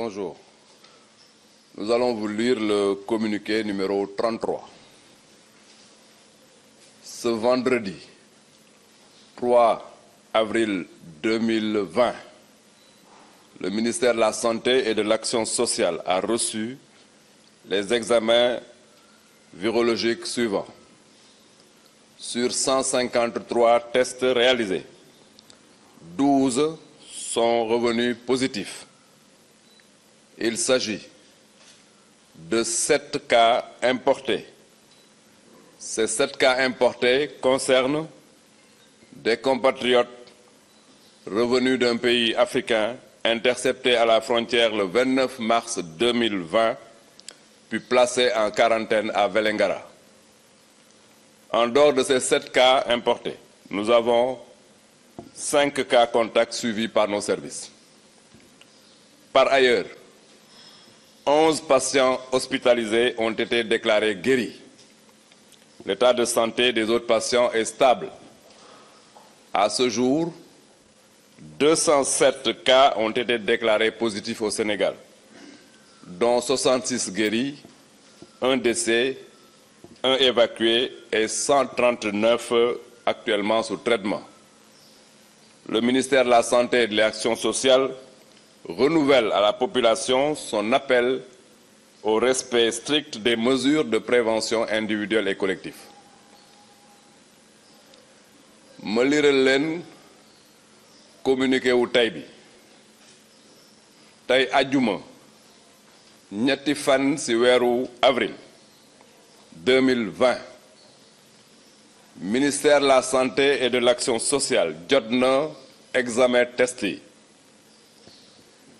Bonjour. Nous allons vous lire le communiqué numéro 33. Ce vendredi 3 avril 2020, le ministère de la Santé et de l'Action sociale a reçu les examens virologiques suivants. Sur 153 tests réalisés, 12 sont revenus positifs. Il s'agit de sept cas importés. Ces sept cas importés concernent des compatriotes revenus d'un pays africain interceptés à la frontière le 29 mars 2020 puis placés en quarantaine à Velengara. En dehors de ces sept cas importés, nous avons cinq cas contacts suivis par nos services. Par ailleurs, 11 patients hospitalisés ont été déclarés guéris. L'état de santé des autres patients est stable. À ce jour, 207 cas ont été déclarés positifs au Sénégal, dont 66 guéris, 1 décès, 1 évacué et 139 actuellement sous traitement. Le ministère de la Santé et de l'Action sociale renouvelle à la population son appel au respect strict des mesures de prévention individuelle et collective Molire Len communiqué au Taïbi. Taï Adjouma, Nyatifan avril 2020 ministère de la santé et de l'action sociale Jodna, examen testé.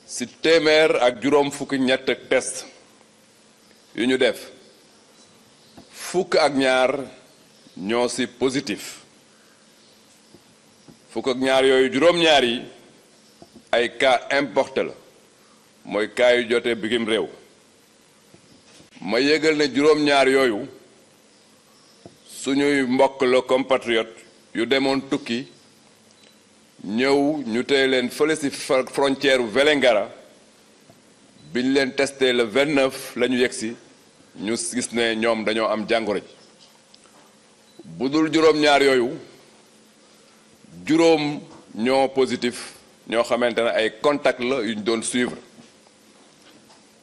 si téeméer ak juróom fukki ñett ak test yu ñu def fukk ak ñaar ñoo ci positif fukk ak ñaar yooyu juróom-ñaar yi ay cas importé la mooy kaa yu jote bigim réew ma yëgal ne juróom-ñaar yooyu suñuy mbokk la compatriote yu demoon tukki Nous avons tey leen frontière Vélingara testé le 29 la ñu yegg si ñu gis ne ñoom dañoo am jàngoro bu dul juróom-ñaar positif ñoo ay contact la suivre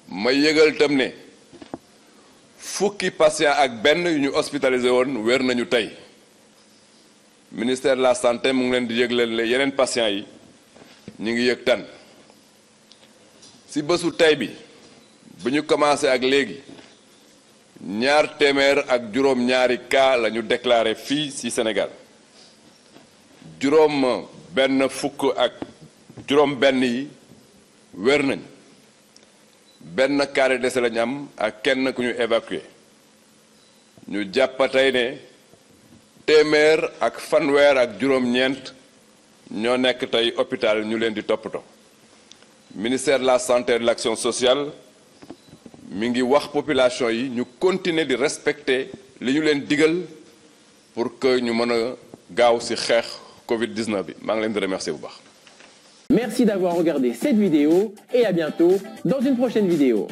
ma yëgal tam ne fukki patient ak benn yu ñu hospitalisé woon ministère la santé mu ngi leen di yëgleel yeneen patients yi ñu ngi yëg tan si bésu tey bi bu ñu commencé ak léegi ñaar téeméer ak juróom ñaari cas la ñu déclaré fii si senegal juróom benn fukk ak juróom benn yi wér nañ benn cas de décès la am ak kenn ku ñu évacué ñu jàpp ne Témère ak Fanware ak juróom ñent ñoo nek tay hôpital ñu leen di ministère de la santé et de l'action sociale nous continuons wax population continuer respecter li ñu leen pour que ñu mëna ci Covid-19 Je vous remercie. Merci d'avoir regardé cette vidéo et à bientôt dans une prochaine vidéo.